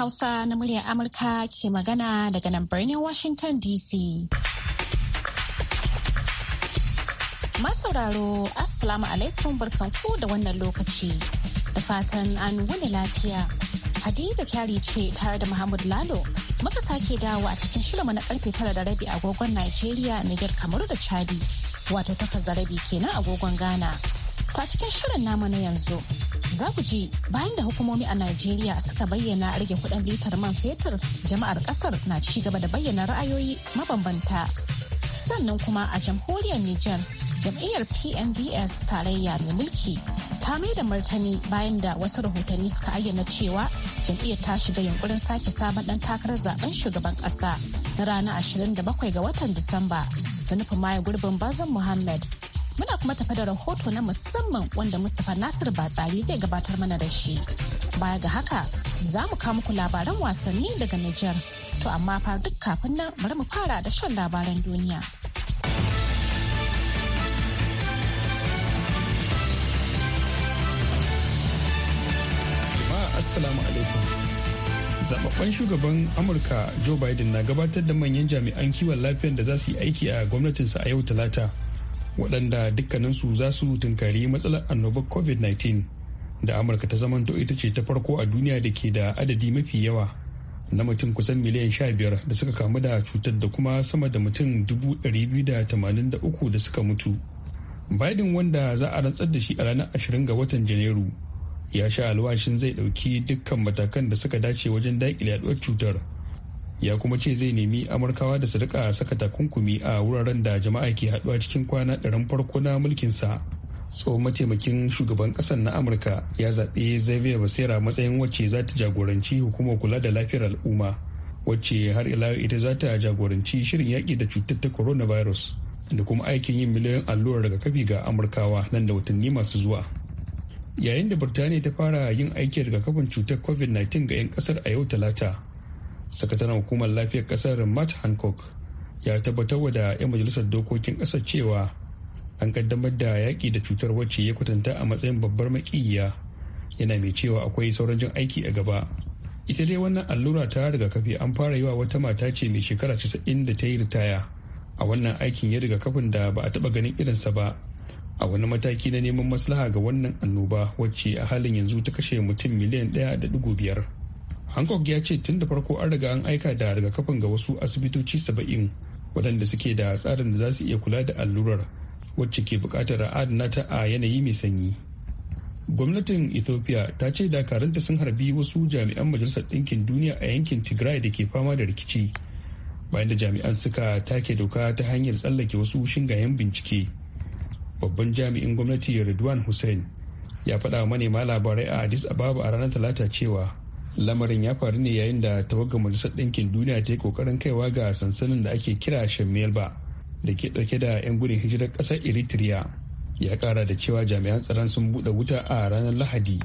Hausa na muryar Amurka ke magana daga nan birnin Washington DC. Masauraro, Assalamu alaikum barkanku da wannan lokaci. Da fatan an wani lafiya. Hadiza kyari ce tare da Muhammad Lalo. Muka sake dawo a cikin shirinmu na karfe tara da rabi agogon Najeriya, Niger, Kamaru da Chadi. Wato takas da rabi kenan agogon Ghana. To a cikin shirin namu na yanzu za ku ji bayan da hukumomi a Najeriya suka bayyana rage kudin litar man fetur jama'ar kasar na ci gaba da bayyana ra'ayoyi mabambanta. Sannan kuma a jamhuriyar Nijar jam'iyyar PNDS tarayya mai mulki ta mai da martani bayan da wasu rahotanni suka ayyana cewa jam'iyyar ta shiga yunkurin sake sabon dan takarar zaben shugaban kasa na ranar 27 ga watan Disamba da nufin maye gurbin Bazan Muhammad Muna kuma tafi da rahoto na musamman wanda Mustapha Nasir Batsari zai gabatar mana da shi. Baya ga haka za mu kawo muku labaran wasanni daga Nijar. To amma fa duk kafin nan bari mu fara da shan labaran duniya. Assalamu alaikum. Zababben shugaban Amurka Joe Biden na gabatar da manyan jami'an kiwon lafiyan da za su yi aiki a gwamnatinsa a yau Talata. waɗanda dukkaninsu za su tunkari matsalar annobar covid-19 da amurka ta zamanto ita ce ta farko a duniya da ke da adadi mafi yawa na mutum kusan miliyan 15 da suka kamu da cutar da kuma sama da mutum 283 da suka mutu biden wanda za a rantsar da shi a ranar 20 ga watan janairu ya sha alwashin zai ɗauki dukkan matakan da suka dace wajen daƙile yaduwar cutar ya kuma ce zai nemi amurkawa da su rika saka takunkumi a wuraren da jama'a ke haduwa cikin kwana ɗarin farko na mulkinsa tsohon mataimakin shugaban ƙasar na amurka ya zaɓe xavier basera matsayin wacce za ta jagoranci hukumar kula da lafiyar al'umma wacce har ila ita za ta jagoranci shirin yaƙi da cutar ta coronavirus da kuma aikin yin miliyoyin allurar rigakafi ga amurkawa nan da watanni masu zuwa yayin da birtaniya ta fara yin aikin rigakafin cutar covid-19 ga 'yan kasar a yau talata sakataren hukumar lafiyar kasar matt hancock ya tabbatar da 'yan majalisar dokokin kasar cewa an kaddamar da yaƙi da cutar wacce ya kwatanta a matsayin babbar makiyya yana mai cewa akwai sauran jin aiki a gaba ita dai wannan allura ta rigakafi an fara yi wa wata mata ce mai shekara 90 da ta yi ritaya a wannan aikin ya rigakafin da ba a taɓa ganin irinsa ba a wani mataki na neman maslaha ga wannan annoba wacce a halin yanzu ta kashe mutum miliyan ɗaya da dugu biyar hancock ya ce tun da farko an riga an aika da rigakafin ga wasu asibitoci saba'in waɗanda suke da tsarin da za su iya kula da allurar wacce ke buƙatar adana ta a yanayi mai sanyi gwamnatin ethiopia ta ce dakaranta sun harbi wasu jami'an majalisar ɗinkin duniya a yankin tigray da ke fama da rikici bayan da jami'an suka take doka ta hanyar tsallake wasu shingayen bincike babban jami'in gwamnati redwan hussein ya faɗa manema labarai a addis ababa a ranar talata cewa lamarin ya faru ne yayin da tawaga majalisar ɗinkin duniya ta yi kokarin kaiwa ga sansanin da ake kira shemelba da ke ɗauke da 'yan gudun hijirar ƙasar eritrea ya ƙara da cewa jami'an tsaron sun buɗe wuta a ranar lahadi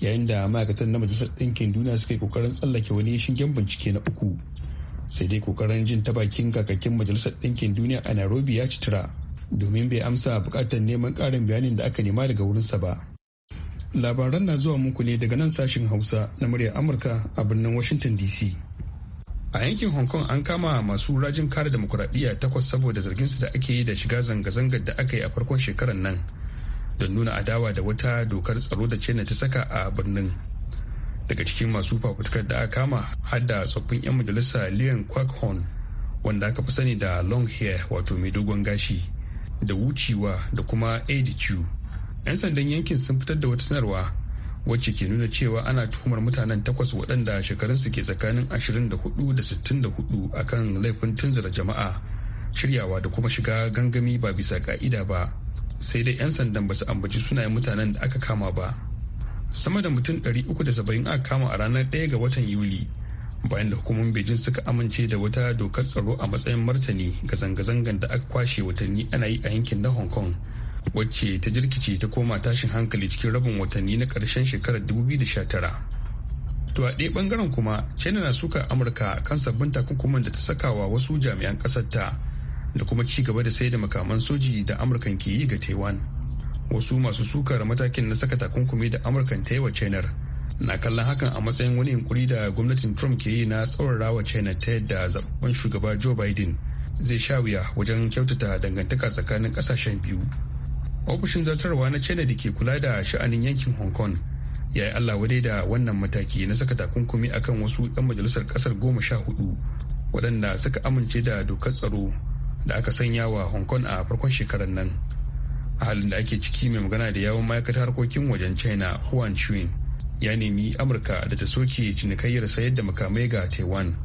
yayin da ma'aikatan na majalisar ɗinkin duniya suka yi kokarin tsallake wani shingen bincike na uku sai dai kokarin jin ta bakin kakakin majalisar ɗinkin duniya a nairobi ya citira domin bai amsa buƙatar neman ƙarin bayanin da aka nema daga wurinsa ba labaran na zuwa muku ne daga nan sashen hausa na murya amurka a birnin washington dc a yankin hong kong an kama masu rajin kare demokuraɗiyya takwas saboda zarginsu da ake yi da shiga zanga-zangar da aka yi a farkon shekarar nan don nuna adawa da wata dokar tsaro da china ta saka a birnin daga cikin masu fafutukar da aka kama har da tsoffin 'yan majalisa leon kwak wanda aka fi sani da long hair wato mai dogon gashi da wucewa da kuma edichu 'yan sandan yankin sun fitar da wata sanarwa wacce ke nuna cewa ana tuhumar mutanen takwas waɗanda shekarunsu ke tsakanin 24 da 64 akan laifin tunzura jama'a shiryawa da kuma shiga gangami ba bisa ka'ida ba sai dai 'yan sandan ba su ambaci sunayen mutanen da aka kama ba sama da mutum 370 aka kama a ranar 1 ga watan yuli bayan da hukumomin beijing suka amince da wata dokar tsaro a matsayin martani ga zanga-zangan da aka kwashe watanni ana yi a yankin na hong kong wacce ta jirkice ta koma tashin hankali cikin rabin watanni na karshen shekarar 2019 to a ɗaya ɓangaren kuma china na suka amurka kan sabbin takunkuman da ta sakawa wasu jami'an ƙasarta da kuma ci gaba da sai da makaman soji da amurkan ke yi ga taiwan wasu masu sukar matakin na saka takunkumi da amurkan ta yi wa china na kallon hakan a matsayin wani yunkuri da gwamnatin trump ke yi na tsaurarawa china ta yadda zaɓaɓɓen shugaba joe biden zai sha wuya wajen kyautata dangantaka tsakanin ƙasashen biyu ofishin zartarwa na china da ke kula da sha'anin yankin hong kong ya yi allah wadai da wannan mataki na saka takunkumi akan wasu 'yan majalisar kasar goma sha hudu waɗanda suka amince da dokar tsaro da aka sanya wa hong kong a farkon shekarar nan a halin da ake ciki mai magana da yawon ma'aikatar harkokin wajen china huan chuin ya nemi amurka da ta soke cinikayyar sayar da makamai ga taiwan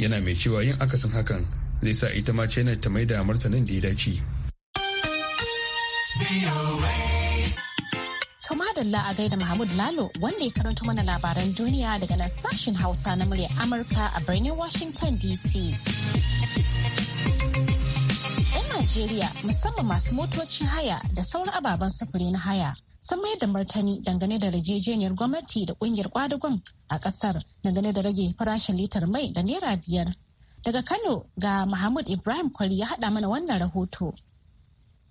yana mai cewa yin akasin hakan zai sa ita ma china ta maida da martanin da ya dace To madalla a gaida Mahmud Lalo wanda ya karanto mana labaran duniya daga nan sashen Hausa na muryar Amurka a birnin Washington DC. Yan Najeriya musamman masu motocin haya da sauran ababen sufuri na haya sun mayar da martani dangane da rajejeniyar gwamnati da kungiyar kwadugon a kasar dangane da rage farashin litar mai da naira biyar. Daga Kano ga Mahmud Ibrahim Kwari ya haɗa mana wannan rahoto.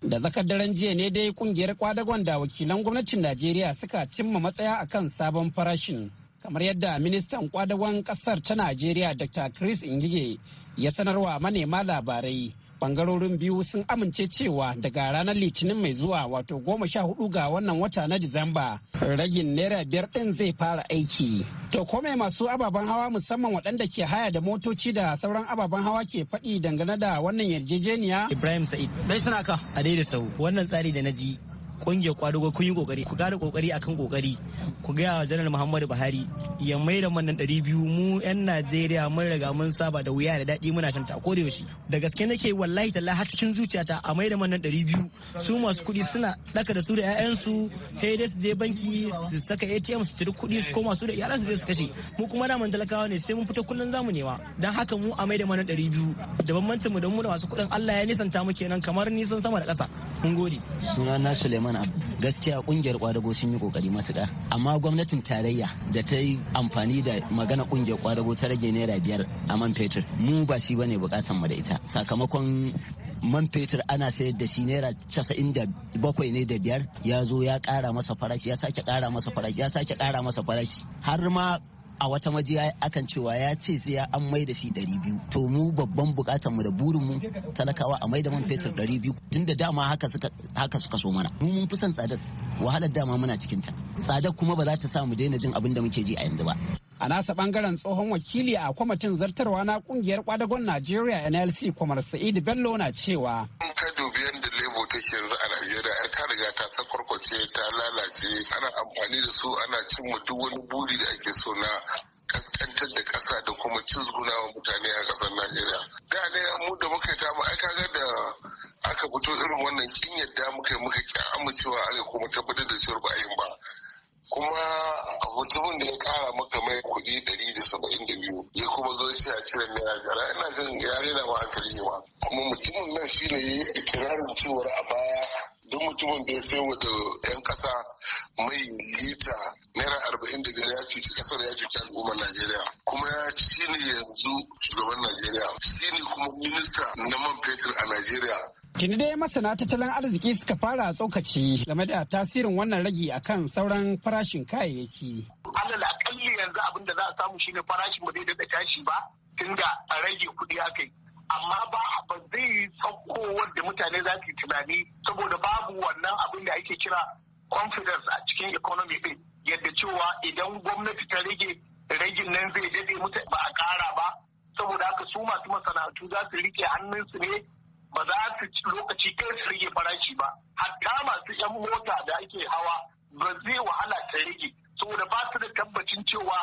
Da zakar daren jiya ne dai kungiyar kwadagon da wakilan gwamnatin Najeriya suka cimma matsaya akan sabon farashin. Kamar yadda ministan kwadagon kasar ta Najeriya Dr. Chris Ingige ya sanarwa manema labarai. bangarorin biyu sun amince cewa daga ranar litinin mai zuwa wato goma sha hudu ga wannan wata na disamba ragin naira biyar din zai fara aiki to kome masu ababen hawa musamman waɗanda ke haya da motoci da sauran ababen hawa ke faɗi dangane da wannan yarjejeniya ibrahim sa'id bai suna ka a daidai sau wannan tsari da na ji kungiyar kwadugo kun yi kokari ku gane kokari akan kokari ku gaya wa janar muhammadu buhari ya mai da mannan ɗari biyu mu yan najeriya mun riga mun saba da wuya da daɗi muna shanta ko da yaushe da gaske nake wallahi talla har cikin zuciyata a mai da mannan ɗari biyu su masu kuɗi suna ɗaka da su da 'ya'yansu dai su je banki su saka atm su ciri kuɗi su koma su da iyalan su je su kashe mu kuma da talakawa ne sai mun fita kullun zamu nema dan haka mu a mai da mannan ɗari biyu da bambancin mu da mu da masu kuɗin Allah ya nisanta mu kenan kamar nisan sama da ƙasa mun gode sunana Suleiman mana abu gaskiya kungiyar kwadago sun yi kokari matuƙa amma gwamnatin tarayya da ta yi amfani da magana kungiyar kwadago ta rage naira biyar a man fetur mu ba shi bane bukatan mu da ita sakamakon man fetur ana sayar da shi naira casa'in da bakwai ne da biyar ya zo ya kara masa farashi ya sake kara masa farashi ya sake kara masa farashi har ma a wata majiya akan cewa ya ce sai an mai da shi 200 to mu babban bukatar mu da burin mu talakawa a mai da man fetur 200 tunda dama haka suka haka suka so mana mu mun fi son tsadar wahalar dama muna cikin ta tsadar kuma ba za ta sa mu daina jin abin da muke ji a yanzu ba a nasa bangaren tsohon wakili a kwamitin zartarwa na kungiyar kwadagon najeriya nlc kwamar sa'idu bello na cewa in ka dubi yadda lebo take yanzu a ta kwarkwace ta lalace ana amfani da su ana cin duk wani buri da ake so na kaskantar da ƙasa da kuma cizgunawa mutane a kasar Najeriya. Da ne mu da muka ta mu aka ga da aka fito irin wannan kin yadda muka yi muka ki amincewa aka kuma tabbatar da cewa ba a yin ba. kuma a mutumin da ya kara maka mai kudi dari da saba'in da biyu ya kuma zo shi a cire naira gara ina jin ya rena ma hankali ma kuma mutumin nan shine ya yi ikirarin cewar a baya duk mutumin da ya sai wata 'yan kasa mai lita naira arba'in da biyar ya cuci kasar ya cuci al'ummar najeriya kuma ya ci ne yanzu shugaban najeriya shi ne kuma minista na man fetur a najeriya Tuni dai masana tattalin arziki suka fara tsokaci game da tasirin wannan ragi akan sauran farashin kayayyaki. Alal akalli yanzu abin da za a samu shine farashin ba zai daɗa tashi ba tun da a rage kuɗi aka yi. amma ba ba zai sauko wanda mutane za su yi tunani saboda babu wannan abin da ake kira confidence a cikin economy din yadda cewa idan gwamnati ta rage ragin nan zai dade mutu ba a kara ba saboda haka su masu masana'antu za su rike hannunsu ne ba za su lokaci kai su rage farashi ba hatta masu yan mota da ake hawa ba zai wahala ta rage saboda ba su da tabbacin cewa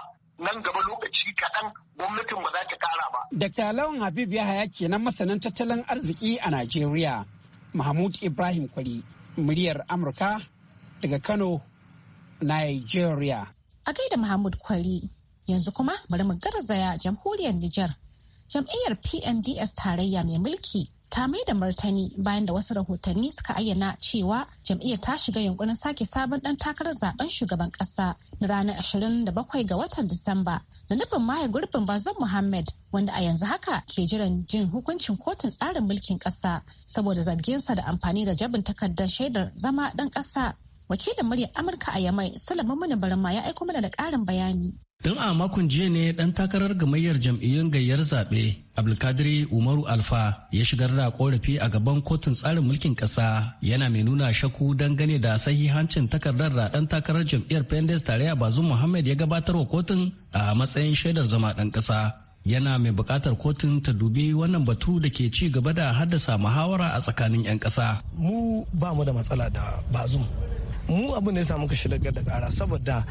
nan gaba lokaci kaɗan gwamnatin ba za ta ƙara ba. Dr. Lawan Habib Yahaya kenan masanin tattalin arziki a Najeriya. Mahmud Ibrahim Kwari, muryar Amurka daga Kano, Nigeria. A gaida Mahmud Kwari, yanzu kuma bari mu garzaya jamhuriyar Nijar. Jam'iyyar PNDS tarayya mai mulki ta mai da martani bayan da wasu rahotanni suka ayyana cewa jam'iyyar ta shiga yunkurin sake sabon dan takarar zaben shugaban kasa na ranar 27 ga watan Disamba da nufin maye gurbin bazan Muhammad wanda a yanzu haka ke jiran jin hukuncin kotun tsarin mulkin kasa saboda zarginsa da amfani da jabin takardar shaidar zama dan kasa wakilin muryar amurka a yamai salamun mana barma ya aiko mana da karin bayani Tun a makon jiya ne ɗan takarar gamayyar jam'iyyun gayyar zaɓe Abdulkadir Umaru Alfa ya shigar da korafi a gaban kotun tsarin mulkin ƙasa yana mai nuna shaku gane da sahihancin takardar da ɗan takarar jam'iyyar Pendes tarayya Bazum Muhammad ya gabatar wa kotun a matsayin shaidar zama ɗan ƙasa. Yana mai buƙatar kotun ta dubi wannan batu da ke ci gaba da haddasa muhawara a tsakanin 'yan ƙasa. Mu ba mu da matsala da Bazum. mu abin da ya samu ka shigar da kara saboda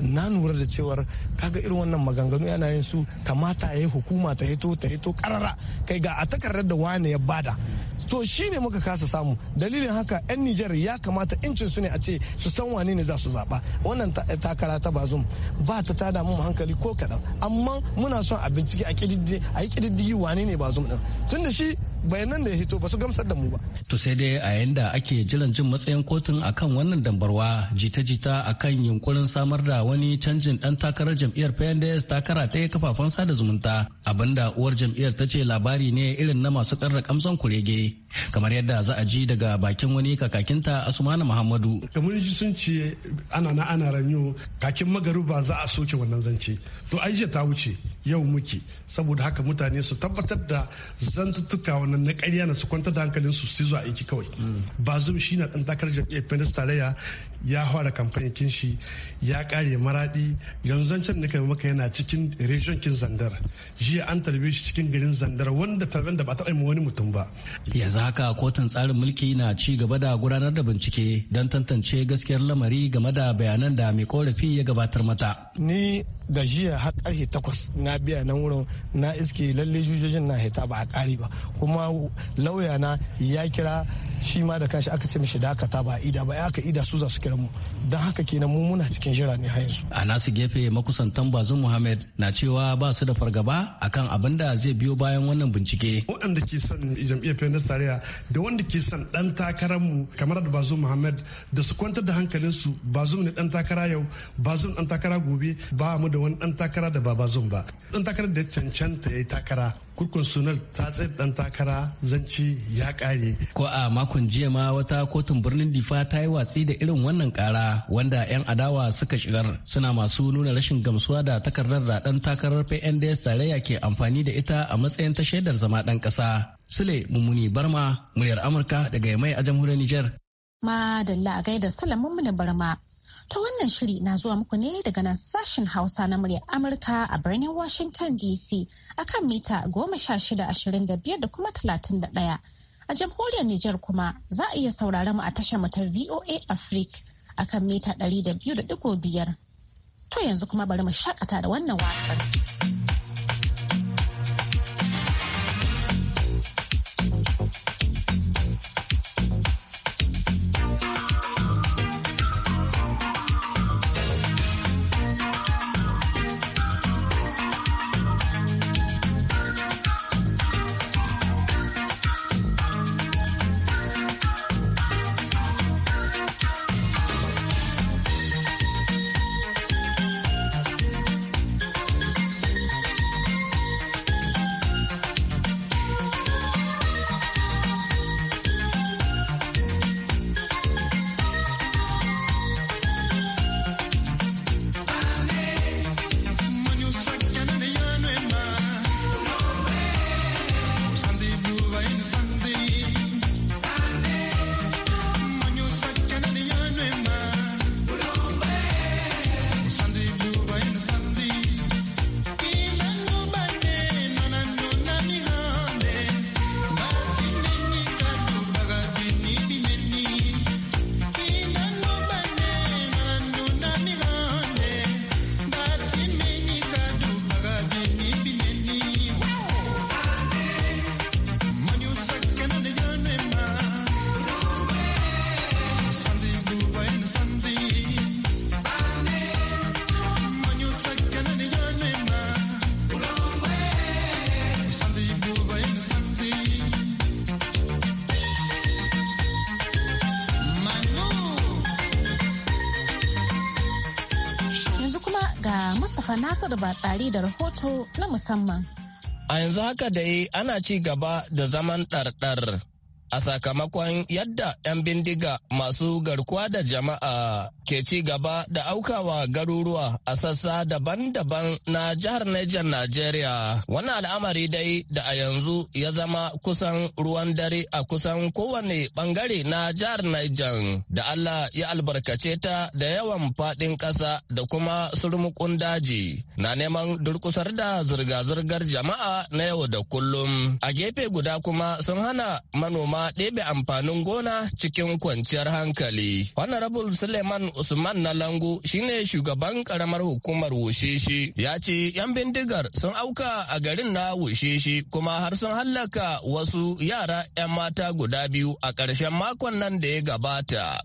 na lura da cewar kaga irin wannan maganganu yana yin su kamata ya yi hukuma ta hito ta hito karara kai ga a takardar da wane ya bada to shi ne muka kasa samu dalilin haka 'yan nijar ya kamata incin su ne a ce su san wane ne za su zaɓa wannan takara ta bazum ba ta tada mu hankali ko kaɗan amma muna son a bincike a yi ƙididdigi wane ne bazum ɗin tun da shi bayanan da ya hito ba su gamsar da mu ba. To sai dai a yanda ake jiran jin matsayin kotun akan wannan dambarwa jita-jita akan yunkurin samar da wani canjin dan takarar jam'iyyar PNDS takara ta kafafen sada zumunta abinda uwar jam'iyyar ta ce labari ne irin na masu karra kamsan kurege kamar yadda za a ji daga bakin wani kakakinta Asmanu Muhammadu. Kamar mun ji sun ce ana na ana ranyo kakin magaruba za a soke wannan zance to aisha ta wuce yau muke saboda haka mutane su tabbatar da zantuttuka wannan na ƙarya na su kwantar da hankalin su su zuwa aiki kawai zum shi na ɗan takar jam'iyyar pendas tarayya ya fara kamfanin kinshi ya kare maraɗi yanzu can kai maka yana cikin region kin zandar jiya an tarbe shi cikin garin zandar wanda tarben da ba ta wani mutum ba yanzu haka kotun tsarin mulki na ci gaba da gudanar da bincike don tantance gaskiyar lamari game da bayanan da mai korafi ya gabatar mata ni da jiya har karfe takwas na biya nan wurin na iske lalle jujojin na hita ba a kare ba kuma lauya na ya kira shi ma da kanshi aka ce mishi dakata ba ida ba aka ida su za su kira mu don haka kenan mu muna cikin jira ne har yanzu a nasu gefe makusantan bazin muhammad na cewa ba su da fargaba akan abin da zai biyo bayan wannan bincike waɗanda ke son jam'iyyar tarayya da wanda ke son dan takarar mu kamar da bazum muhammad da su kwantar da hankalinsu bazum ne dan takara yau ba dan takara gobe ba mu da wani dan takara da baba ba dan takarar da cancanta ya takara kurkun sunar ta tsaye dan takara zanci ya kare ko a makon jiya ma wata kotun birnin difa ta yi watsi da irin wannan kara wanda yan adawa suka shigar suna masu nuna rashin gamsuwa da takardar da dan takarar pnds tarayya ke amfani da ita a matsayin ta shaidar zama dan kasa sule mummuni barma muryar amurka daga mai a jamhuriyar niger madalla a gaida salamun mu barma ta wannan shiri na zuwa muku ne daga nan sashen Hausa na murya Amurka a birnin Washington DC a kan mita goma sha shida ashirin da biyar da kuma talatin da ɗaya. A jamhuriyar Nijar kuma za a iya saurare mu a tashar mu ta VOA Africa kan mita ɗari da biyu da ɗigo biyar. To yanzu kuma bari mu shakata da wannan waƙar. Mustapha ba tsari da rahoto na musamman. A yanzu haka da dai ana ci gaba da zaman ɗarɗar a sakamakon yadda 'yan bindiga masu garkuwa da jama'a ke ci gaba da aukawa garuruwa a sassa daban-daban na jihar Niger Najeriya. Wannan al'amari dai da a yanzu ya zama kusan ruwan dare a kusan kowane bangare na jihar Niger da Allah ya albarkace ta da yawan faɗin ƙasa da kuma surmukun daji na neman durkusar da zirga-zirgar jama'a na yau da kullum. A gefe guda kuma sun hana manoma ɗebe amfanin gona cikin kwanciyar hankali. Honorable Suleiman Usman Nalango shine shugaban karamar hukumar Wosheshe ya ce 'yan bindigar sun auka a garin na Wosheshe kuma har sun hallaka wasu yara 'yan mata guda biyu a ƙarshen makon nan da ya gabata.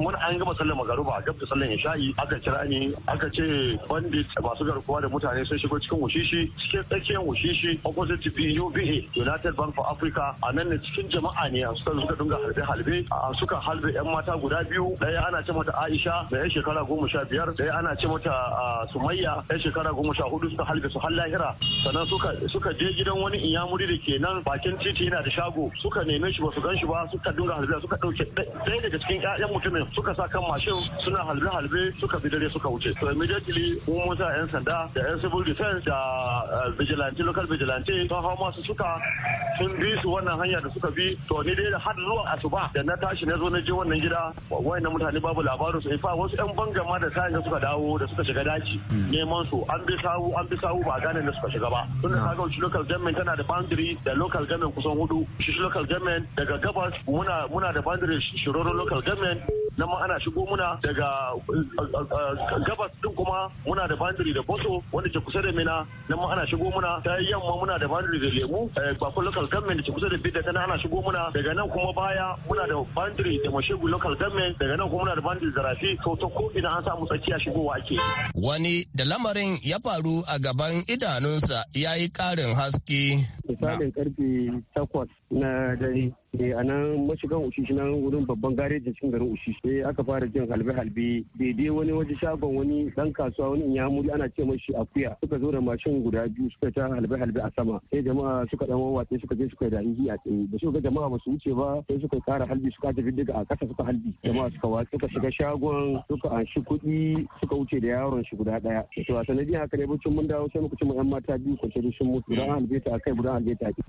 Mun an gama sallar magaruba a da sallar isha'i aka kira ni aka ce bandit masu garkuwa da mutane sun shigo cikin Wosheshe cikin tsakiyar Wosheshe opposite PUBA United Bank for Africa a nan ne cikin jama'a ne suka dinga halbe a suka halbe 'yan mata guda biyu ɗaya ana ce mata Aisha Aisha da ya shekara goma sha biyar da ana ce mata a Sumayya ya shekara goma sha hudu suka halbe su har lahira sannan suka suka je gidan wani inyamuri da ke nan bakin titi yana da shago suka neme shi ba su gan shi ba suka dunga halbe suka dauke ɗaya daga cikin ƴaƴan mutumin suka sa kan mashin suna halbe halbe suka bi dare suka wuce to immediately mun mun sa ƴan sanda da ƴan civil defense da vigilante local vigilante sun hau masu suka sun bi su wannan hanya da suka bi to ni dai da har zuwa asuba da na tashi na zo na je wannan gida wayannan mutane babu labarin su fa wasu yan banga ma da sayan da suka dawo da suka shiga daji hmm. neman su an bi sawu an bi sawu ba a gane da suka shiga ba tun da kaga wuce local government tana da boundary da local government kusan hudu shi local government daga gabas muna muna da boundary shiroro local government nan ma ana shigo muna daga eh, gabas din kuma muna da bandiri da boso wanda ke kusa da mina nan ma ana shigo muna ta yamma muna da bandiri da lemu eh, bakwai local government ke kusa da bidda tana ana shigo muna daga nan kuma baya muna da bandiri da mashigu local government daga nan kuma muna da bandiri da rafi to ta ko ina an samu tsakiya shigowa ake wani da lamarin ya faru a gaban idanunsa ya yi karin haske misalin karfe takwas na dare Eh, a nan mashigan ushishi nan wurin babban garejin cikin garin ushishi sai aka fara jin halbe halbe daidai wani waje shagon wani dan kasuwa wani inyamuri ana ce mashi akuya suka zo da mashin guda biyu suka ta halbe halbe a sama sai jama'a suka dan wawace suka je suka da ihi a tsaye da suka ga jama'a ba su wuce ba sai suka kara halbi suka tafi daga a kasa suka halbi jama'a suka watsa suka shiga shagon suka anshi kuɗi suka wuce da yaron shi guda ɗaya. to a sanadiyar haka ne bacin mun dawo sai muka ci mu yan mata biyu kwance da sun mutu guda halbe ta akai guda halbe ta akai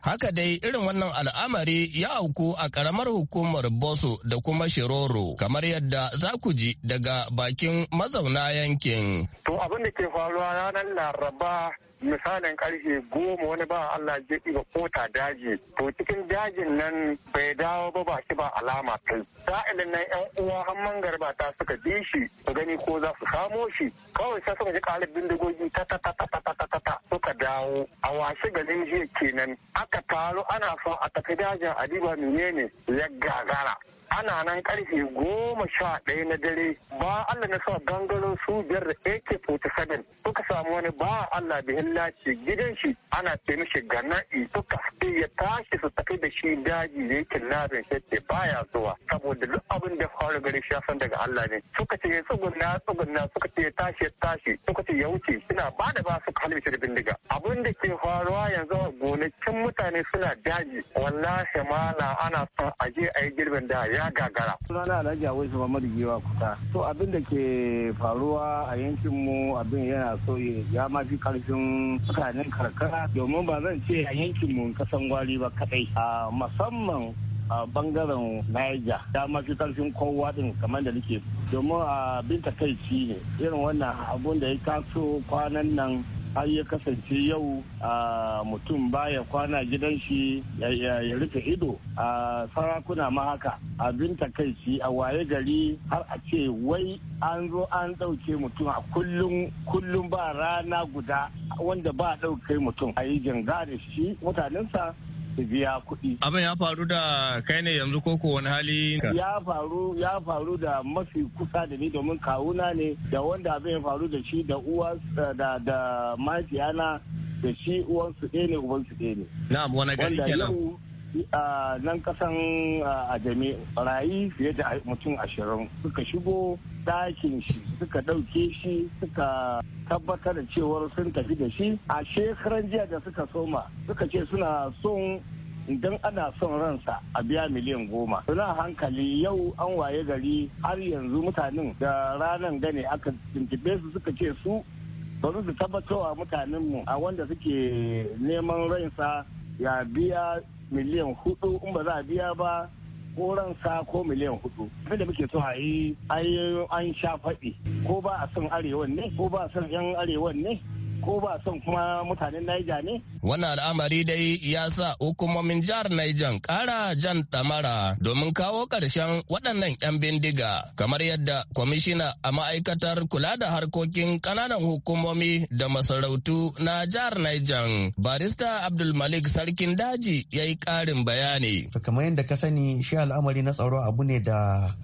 Haka dai irin wannan al'amari ya auku a ƙaramar hukumar Boso da kuma Shiroro, kamar yadda za ku ji daga bakin mazauna yankin. To abin da ke faruwa ranar Laraba misalin karfe goma wani ba Allah ya ɗiba kota daji to cikin dajin nan bai dawo ba ba ba alama kai sa'ilin nan yan uwa hamman garba ta suka bi shi su gani ko za su samo shi kawai sai suka ji kalib bindigogi ta ta ta ta ta ta ta ta suka dawo a washe garin jiya kenan aka taru ana son a tafi dajin adiba menene ya gagara ana nan karfe goma sha ɗaya na dare ba Allah na sa gangaren su biyar da AK-47 suka samu wani ba Allah bihin lashi gidan shi ana ce mishi tuka. suka ya tashi su tafi da shi daji da yake labin shi baya zuwa saboda duk abin da faru gari shi san daga Allah ne suka ce ya tsugunna tsugunna suka ce ya tashi ya tashi suka ce ya wuce suna ba da ba su kalmi shi da bindiga abin da ke faruwa yanzu a gonakin mutane suna daji wallahi mala ana son a je a yi girbin da ya ya gagara. Sunana Alhaji Awaisu Mamadu Giwa Kuta. To abin da ke faruwa a yankin mu abin yana so ya ma fi karfin mutanen karkara domin ba zan ce a yankin mu kasan gwari ba kadai. A musamman a bangaren Niger ya mafi karfin kowa din kamar da nake domin abin takaici ne irin wannan abun da ya taso kwanan nan har ya kasance yau mutum baya kwana gidan shi ya rufe ido a sarakuna ma haka abin takaici a waye gari har a ce wai an zo an ɗauke mutum a kullum kullum ba rana guda wanda ba ɗauke mutum a yi janga da shi mutanensa su biya kuɗi. Abin ya faru da kai ne yanzu ko wani hali? Ya faru ya faru da mafi kusa da ni domin kawuna ne da wanda abin ya faru da shi da uwa da da mahaifiyana da shi su ɗaya ne su ɗaya ne. Na'am wani gari kenan. nan kasan a jami rayi fiye da mutum ashirin suka shigo Dakin shi suka ɗauke shi suka tabbatar da cewar sun tafi da shi a shekaran jiya da suka soma suka ce suna son idan ana son ransa a biya miliyan goma. Suna hankali yau an waye gari har yanzu mutanen da ranar gane aka tuntube su suka ce su ba su tabbatarwa mutanenmu a wanda suke neman ransa ya biya miliyan hudu in ba za a biya ba Koran sa ko miliyan hudu da muke so a yi an sha faɗi ko ba a son arewan ne ko ba a son yan arewa ne ko ba son kuma mutanen Naija ne. Wannan al'amari dai ya sa hukumomin jihar Naijan kara jan tamara domin kawo ƙarshen waɗannan 'yan bindiga kamar yadda kwamishina a ma'aikatar kula da harkokin ƙananan hukumomi da masarautu na jihar Naijan barista Abdulmalik sarkin daji ya yi ƙarin bayani. Kamar yadda ka sani shi al'amari na tsaro abu ne da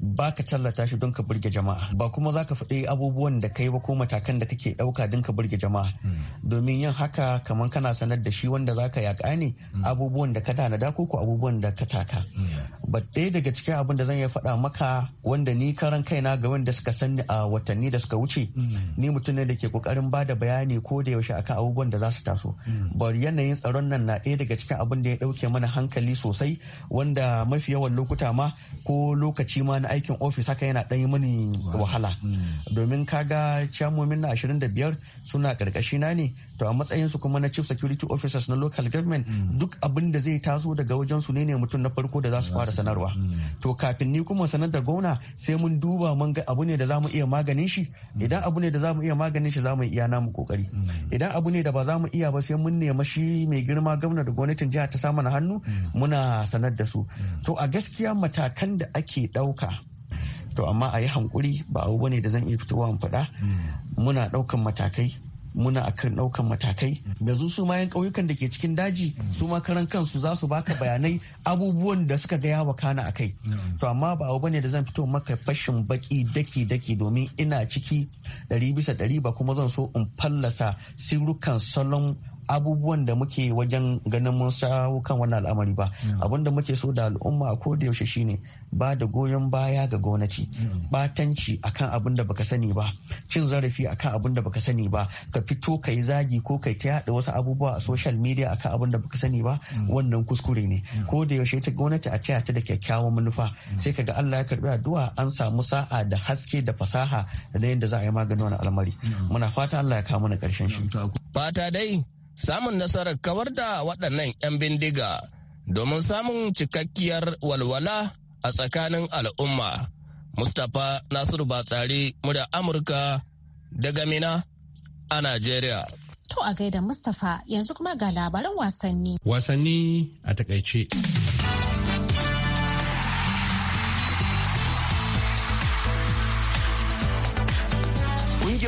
ba ka tallata shi don ka burge jama'a ba kuma za ka faɗi abubuwan da ka yi ba ko matakan da kake ɗauka don ka burge jama'a domin yin haka kamar kana sanar da shi wanda za ka yaƙa ne abubuwan da ka da da ko abubuwan da ka taka ba ɗaya daga cikin abin da zan iya faɗa maka wanda ni karan kai na ga wanda suka sani a watanni da suka wuce ni mutum ne da ke kokarin ba da bayani ko da yaushe akan abubuwan da za su taso Ba yanayin tsaron nan na ɗaya daga cikin abin da ya ɗauke mana hankali sosai wanda mafi yawan lokuta ma ko lokaci ma na aikin ofis haka yana ɗanyi mini wahala hmm. domin kaga chairmomin na 25 suna ƙarƙashi na ne to a matsayin su kuma na chief security officers na local government hmm. duk abin da zai taso daga wajen su ne ne mutum na farko da za su fara sanarwa hmm. to kafin ni kuma sanar da gwamna sai mun duba mun ga abu ne da zamu iya maganin shi idan abu ne da zamu iya maganin shi zamu iya namu kokari idan abu ne da ba zamu iya ba sai mun nema shi mai girma gwamna da gwamnatin jiha ta samu na hannu muna sanar da su to a gaskiya matakan da ake ɗauka to amma a yi hankuri ba abu bane da zan iya fitowa in faɗa hmm. muna ɗaukan matakai muna akan ɗaukan matakai yanzu hmm. su ma yan ƙauyukan da ke cikin daji hmm. su ma karan kansu za su baka bayanai abubuwan da suka ga yawa kana a kai to amma ba abu bane da zan fito maka fashin baki daki daki domin ina ciki ɗari bisa ɗari ba kuma zan so in fallasa sirrukan salon abubuwan da muke wajen ganin mun shawo kan wannan al'amari ba mm. abin da muke so da al'umma ko da yaushe shine ba da goyon baya ga gwamnati mm. batanci akan abin da baka sani ba cin zarafi akan abin da baka sani ba ka fito ka yi zagi ko kai ta yada wasu abubuwa a social media akan abin da baka sani ba mm. wannan kuskure ne ko da yaushe ta gwamnati a ce ta da kyakkyawan manufa sai kaga Allah ya karbi addu'a an samu sa'a da haske da fasaha da yadda za a yi maganin wani al'amari muna fata Allah ya kawo mana karshen shi fata dai samun nasarar kawar da waɗannan 'yan bindiga domin samun cikakkiyar walwala a tsakanin al'umma. Mustapha Nasiru Batsari murya Amurka daga Mina a Najeriya. To a gaida Mustapha yanzu kuma ga labaran wasanni. Wasanni a takaice.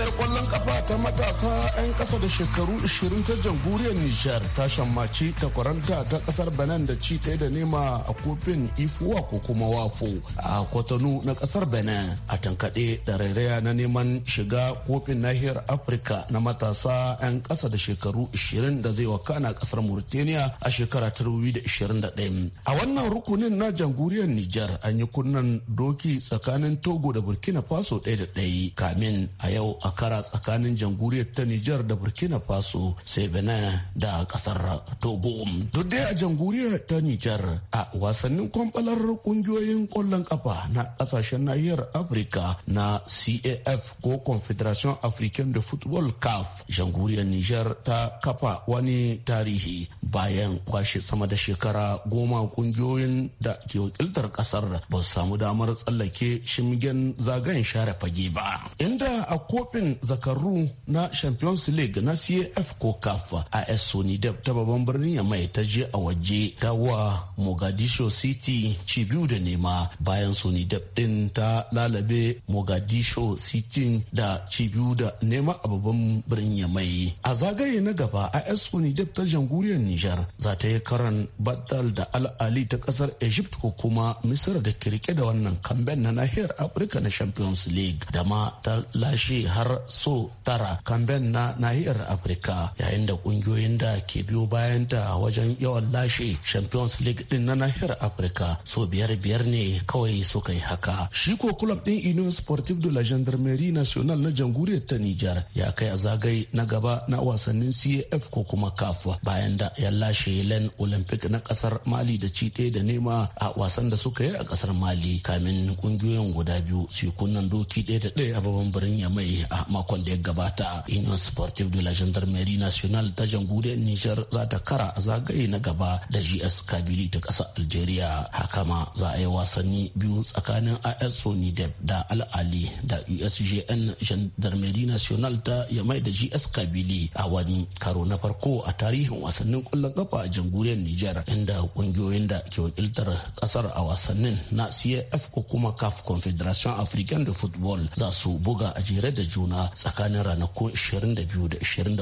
kungiyar kwallon ƙafa ta matasa 'yan kasa da shekaru 20 ta jamhuriyar Nijar ta shammaci takwaranta ta kasar Benin da ci ta da nema a kofin Ifuwa ko kuma Wafo a Kwatano na kasar Benin a tankaɗe da rairaya na neman shiga kofin nahiyar Afirka na matasa 'yan kasa da shekaru 20 da zai wakana ƙasar Mauritania a shekara ta 2021. A wannan rukunin na jamhuriyar Nijar an yi kunnan doki tsakanin Togo da Burkina Faso ɗaya da ɗaya kamin a yau a kara tsakanin jamhuriyar ta Nijar da Burkina Faso sai Benin da kasar Togo. Duk dai a jamhuriyar ta Nijar a wasannin kwamfalar kungiyoyin kwallon kafa na kasashen nahiyar Afirka na CAF ko Confederation African de Football CAF jamhuriyar Nijar ta kafa wani tarihi bayan kwashe sama da shekara goma kungiyoyin da ke wakiltar kasar ba su samu damar tsallake shimgen zagayen share fage ba. Inda a kofin tarin zakaru na champions league na caf ko kafa a sonidab ta babban birnin ya mai ta je a waje ta wa mogadisho city ci biyu da nema bayan sonidab din ta lalabe mogadisho city da ci biyu da nema a babban birnin ya mai a zagaye na gaba a sonidab ta jamhuriyar nijar za ta yi karan badal da al'ali ta kasar egypt ko kuma misir da kirke da wannan kamben na nahiyar afirka na champions league da ma ta lashe har so tara kamben na nahiyar afirka yayin da kungiyoyin da ke biyo bayan da wajen yawan lashe champions league din na nahiyar afirka so biyar biyar ne kawai suka yi haka shi ko club din union sportive de la gendarmerie national na jamhuriyar ta nijar ya kai a zagaye na gaba na wasannin caf ko kuma caf bayan da ya lashe len olympic na kasar mali da ci ɗaya da nema a wasan da suka yi a kasar mali kamin kungiyoyin guda biyu su kunnan doki ɗaya da ɗaya a babban birnin yamai a makon da ya gabata union sportive de la gendarmerie nationale ta jamhuriyar niger za ta kara zagaye na gaba da gs Kabili ta ƙasa algeria haka ma za a yi wasanni biyu tsakanin as sonidep da al'ali da usgn gendarmerie nationale ta yamai da gs kabili a wani karo na farko a tarihin wasannin kwallon kafa a jamhuriyar niger inda kungiyoyin da ke wakiltar kasar a wasannin na caf ko kuma caf confederation african de football za su buga a jere da juna juna tsakanin ranakun 22 da 23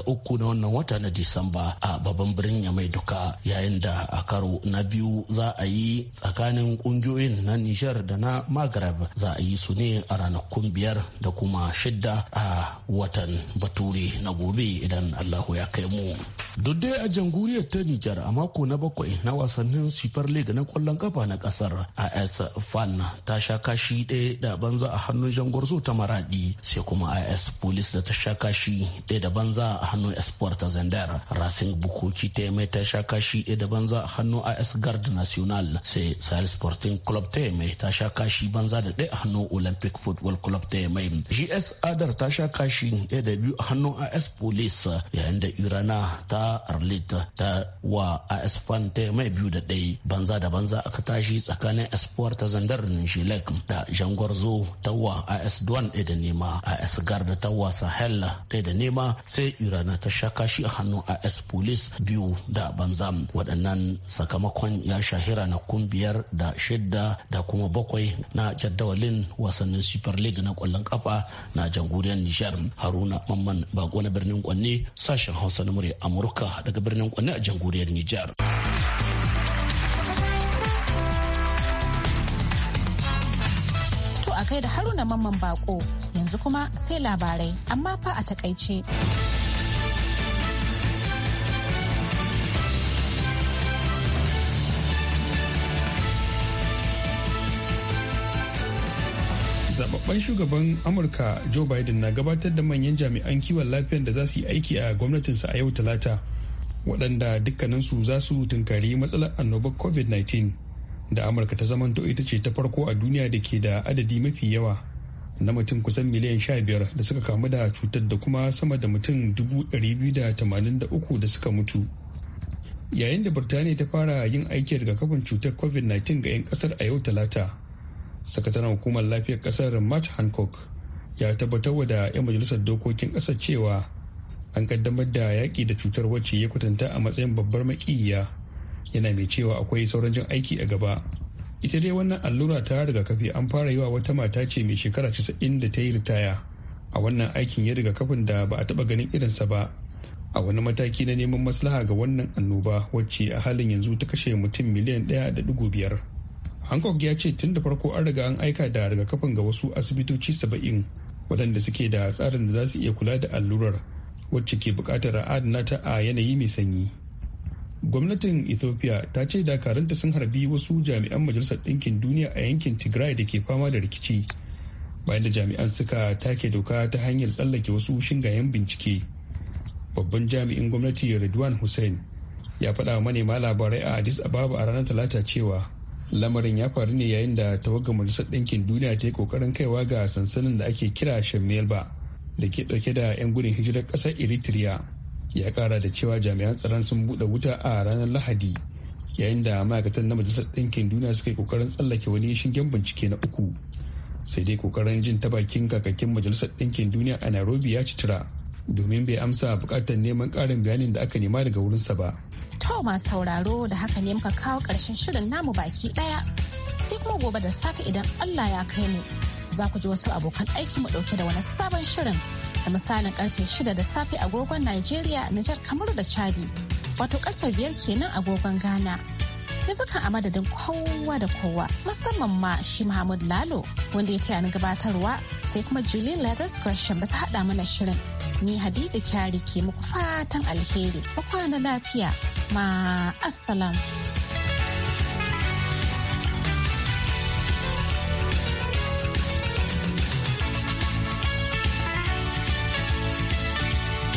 na wannan wata na Disamba a babban birnin Yamai duka yayin da a karo na biyu za a yi tsakanin kungiyoyin na Nijar da na Maghreb za a yi su ne a ranakun biyar da kuma shidda a watan Bature na gobe idan Allahu ya kai mu. Duk dai a jamhuriyar ta Nijar a mako na bakwai na wasannin Super League na kwallon kafa na kasar AS Fan ta sha kashi ɗaya da banza a hannun jangwarzo ta maradi sai kuma a. as police da ta shaka kashi ɗaya da banza a hannun espoir ta zandar racing bukoki ta mai ta shaka kashi ɗaya da banza a hannun as guard national sai sahel sporting club ta mai ta shaka kashi banza da ɗaya a hannun olympic football club ta mai gs adar ta shaka kashi ɗaya da biyu a hannun as police yayin da irana ta arlit ta wa as fan ta mai biyu da ɗaya banza da banza aka tashi tsakanin espoir ta zandar nishilek da jangwarzo ta wa as Duan ɗaya da nema as guard nijar da ta wasa hella ɗaya da nema sai irana ta sha kashi a hannun as police biyu da banzam waɗannan sakamakon ya shahira na biyar da shidda da kuma bakwai na jadawalin wasannin super league na kwallon kafa na jamhuriyar nijar haruna mamman bako na birnin kwanne sashen hausa na murya amurka daga birnin kwanne a jamhuriyar nijar to a kai da haruna mamman bako yanzu kuma sai labarai amma fa a takaice. zababban shugaban amurka joe biden na gabatar da manyan jami'an kiwon lafiyar da za su yi aiki a gwamnatinsa a yau talata waɗanda dukkaninsu za su tunkari matsalar annobar covid-19 da amurka ta zamanto ita ce ta farko a duniya da ke da adadi mafi yawa na mutum kusan miliyan 15 da suka kamu da cutar da kuma sama da mutum 283 da suka mutu yayin da birtaniya ta fara yin aiki rigakafin cutar covid-19 ga 'yan kasar a yau talata sakataren hukumar lafiyar kasar matt hancock ya tabbatar da 'yan majalisar dokokin kasar cewa an kaddamar da yaƙi da cutar wacce ya kwatanta a matsayin babbar makiyiya yana mai cewa akwai sauran jin aiki a gaba ita dai wannan allura ta rigakafi an fara yi wa wata mata ce mai shekara 90 da ta yi ritaya a wannan aikin ya rigakafin da ba a taba ganin irinsa ba a wani mataki na neman maslaha ga wannan annoba wacce a halin yanzu ta kashe mutum miliyan ɗaya da biyar hancock ya ce tun da farko an riga an aika da rigakafin ga wasu asibitoci saba'in waɗanda suke da tsarin da za su iya kula da allurar wacce ke buƙatar adana ta a yanayi mai sanyi gwamnatin ethiopia ta ce dakaranta sun harbi wasu jami'an majalisar ɗinkin duniya a yankin tigray da ke fama da rikici bayan da jami'an suka take doka ta hanyar tsallake wasu shingayen bincike babban jami'in gwamnati redwan hussein ya faɗa wa manema labarai a addis ababa a ranar talata cewa lamarin ya faru ne yayin da tawagar majalisar ɗinkin duniya ta yi ƙoƙarin kaiwa ga sansanin da ake kira shammelba da ke ɗauke da 'yan gudun hijirar ƙasar eritrea ya kara da cewa jami'an tsaron sun bude wuta a ranar lahadi yayin da ma'aikatan na majalisar ɗinkin duniya suka yi kokarin tsallake wani shingen bincike na uku sai dai kokarin jin ta bakin kakakin majalisar ɗinkin duniya a nairobi ya citira domin bai amsa bukatar neman ƙarin bayanin da aka nema daga wurinsa ba to masu sauraro da haka ne muka kawo ƙarshen shirin namu baki ɗaya sai kuma gobe da safe idan allah ya kai mu za ku ji wasu abokan aiki mu ɗauke da wani sabon shirin da misalin karfe 6 da safe agogon Najeriya, Nijar, Kamaru da Chadi, wato karfe 5 kenan agogon Ghana. Yanzu kan a madadin kowa da kowa, musamman ma shi Muhammad Lalo wanda ya taya ni gabatarwa sai kuma Julie Leathers Gresham da ta hada mana shirin. Ni Hadiza Kyari ke muku fatan alheri, kwana lafiya, ma